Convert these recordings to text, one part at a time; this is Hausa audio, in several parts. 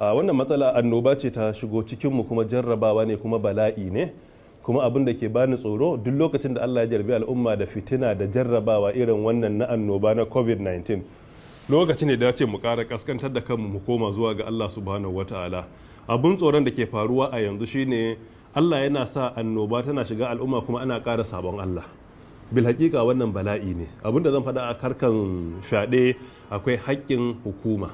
wannan matsala annoba ce ta shigo cikinmu kuma jarrabawa ne kuma bala'i ne kuma abin da ke bani tsoro duk lokacin da Allah ya jarbi al'umma da fitina da jarrabawa irin wannan na annoba na covid-19 lokaci ne dace mu kara kaskantar da kanmu mu koma zuwa ga Allah subhanahu wataala abun tsoron da ke faruwa a yanzu shine Allah yana sa annoba tana shiga al'umma kuma ana kara sabon Allah bil hakika wannan bala'i ne abin da zan faɗa a karkan shaɗe akwai haƙƙin hukuma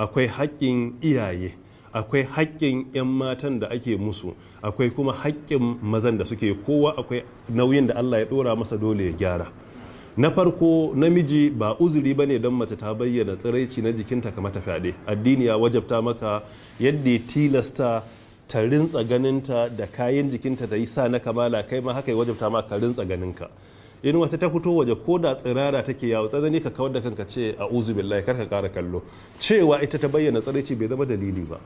akwai haƙƙin iyaye akwai haƙƙin 'yan matan da ake musu akwai kuma haƙƙin mazan da suke kowa akwai nauyin da allah ya ɗora masa dole ya gyara na farko namiji ba uzuri ba ne don mace ta bayyana tsiraici na jikinta kamar ta fyaɗe addini ya wajabta maka yadda tilasta ta rintsa ganinta da kayan jikinta ta yi sa na kamala kai ma haka ya wajabta maka rintsa ganinka in wata ta fito waje ko da tsirara take yawo tsanani ka kawar da kanka ce a uzu billahi kar ka kara kallo cewa ita ta bayyana tsaraici bai zama dalili ba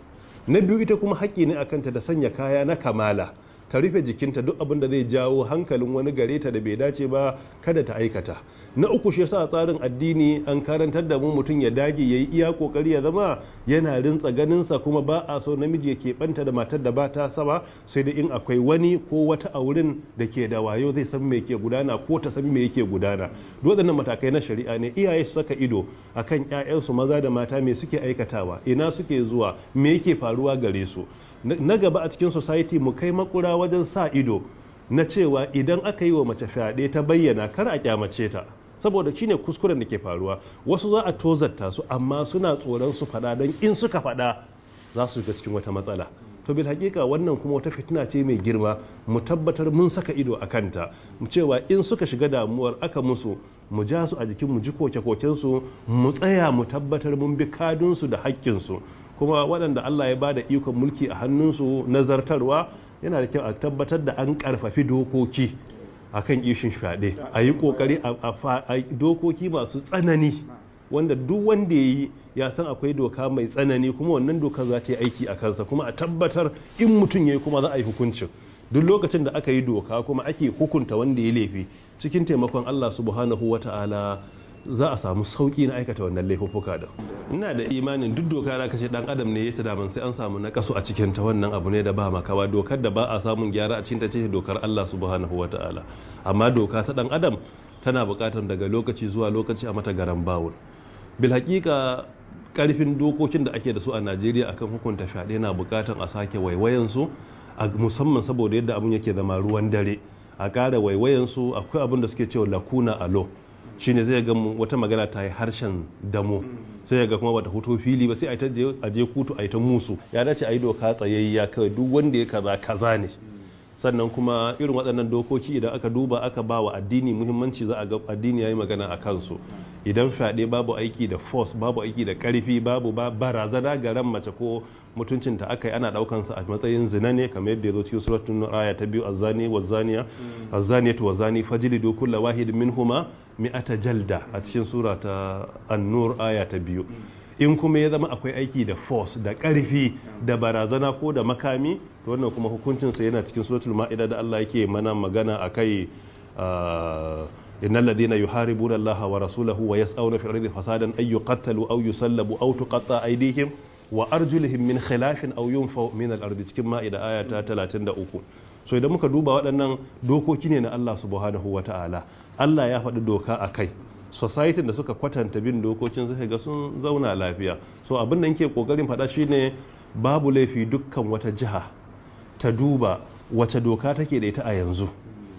na biyu ita kuma haƙƙi ne a kanta da sanya kaya na kamala ta rufe jikinta duk abin da zai jawo hankalin wani gare ta da bai dace ba kada ta aikata na uku shi sa tsarin addini an karantar da mu mutum ya dage ya yi iya kokari ya zama yana rintsa ganinsa kuma ba a so namiji ya keɓanta da matar da ba ta saba sai da in akwai wani ko wata a wurin da ke da wayo zai san me ke gudana ko ta san me yake gudana waɗannan matakai na shari'a ne iyaye su saka ido akan 'ya'yansu maza da mata me suke aikatawa ina suke zuwa me yake faruwa gare su na gaba a cikin society mu kai makura wajen sa ido na cewa idan aka yi wa mace fyaɗe ta bayyana kar a kyamace ta saboda shine kuskuren da ke faruwa wasu za a tozarta su amma suna tsoron su faɗa don in suka faɗa za su shiga cikin wata matsala to bil hakika wannan kuma wata fitina ce mai girma mu tabbatar mun saka ido a kanta mu cewa in suka shiga damuwar aka musu mu ja su a jikin mu ji koke-kokensu mu tsaya mu tabbatar mun bi kadunsu da haƙƙinsu kuma waɗanda Allah ya bada ikon mulki a hannunsu nazartarwa yana da kyau a tabbatar da an ƙarfafi dokoki a kan ishin fyaɗe a yi ƙoƙari a dokoki masu tsanani wanda duk wanda ya yi ya san akwai doka mai tsanani kuma wannan doka za ta yi aiki a kansa kuma a tabbatar in mutum ya yi kuma za a yi hukuncin duk lokacin da aka yi doka kuma ake hukunta wanda ya laifi cikin taimakon Allah subhanahu wa ta'ala za a samu sauki na aikata wannan laifuffuka da ina da imanin duk doka da kace dan adam ne ya ta daman sai an samu na a cikin ta wannan abu ne da ba makawa dokar da ba a samun gyara a cikin ta ce dokar Allah subhanahu wataala amma doka ta dan adam tana buƙatar daga lokaci zuwa lokaci a mata garan bawul bil hakika karfin dokokin da ake da su a Najeriya akan hukunta fyaɗe na buƙatar a sake waiwayan su musamman saboda yadda abun yake zama ruwan dare a ƙara waiwayan su akwai abin da suke cewa lakuna a law shine zai ga wata magana ta yi harshen damo sai ga kuma bata hoto fili ba sai a je kutu a ta musu ya dace a yi doka tsayayya kawai duk wanda ya kaza kaza ne sannan kuma irin waɗannan dokoki idan aka duba aka ba wa addini muhimmanci za a ga addini ya yi magana a kansu idan fyaɗe babu aiki da force babu aiki da ƙarfi babu barazana ga ran mace ko mutuncin ta aka yi ana ɗaukan ɗaukansa a matsayin zina ne kamar yadda ya zo cikin suratun aya ta biyu azzani wa zaniya azzani wa zani do kullu wahid minhuma mi'ata jalda a cikin sura ta annur aya ta biyu in kuma ya zama akwai aiki da force da ƙarfi da barazana ko da makami to wannan kuma hukuncinsa yana cikin suratul ma'ida da Allah yake mana magana a akai ah, innal ladina yuharibuna Allah wa rasulahu wa yas'awna fil ardi fasadan ay kattalu aw yusallabu aw tuqatta aydihim wa arjuluhum min khilafin auyun yunfaw min al ardi cikin ma'ida ayata 33 so idan muka duba waɗannan dokoki ne na Allah subhanahu wa ta'ala Allah ya faɗi doka a kai society da suka kwatanta bin dokokin zai ga sun zauna lafiya so abin da nke kokarin faɗa shine babu laifi dukkan wata jiha ta duba wace doka take da ita a yanzu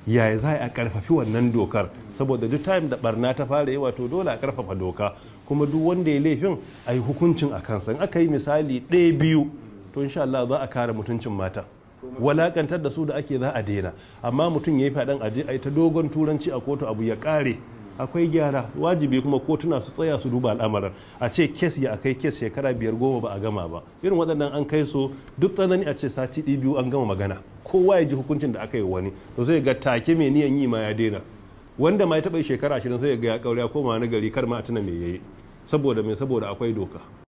yaya za a karfafi wannan dokar saboda duk time da barna ta fara yi wato dole a karfafa doka kuma duk wanda ya laifin a yi hukuncin a kansa in aka yi misali ɗaya biyu to insha Allah za a kare mutuncin mata walakantar da su da ake za a daina amma mutum ya yi faɗan aje a yi ta dogon turanci a kotu abu ya ƙare akwai gyara wajibi kuma kotuna su tsaya su duba al'amarar a ce kes ya akai kes shekara biyar goma ba a gama ba irin waɗannan an kai su duk tsanani a ce sati ɗi biyu an gama magana kowa ya ji hukuncin da aka yi wani to zai ga take mai niyan yi ma ya daina wanda ma ya taɓa shekara ashirin sai ya ga ya kaure ya koma wani gari kar ma a tuna me yayi saboda me saboda akwai doka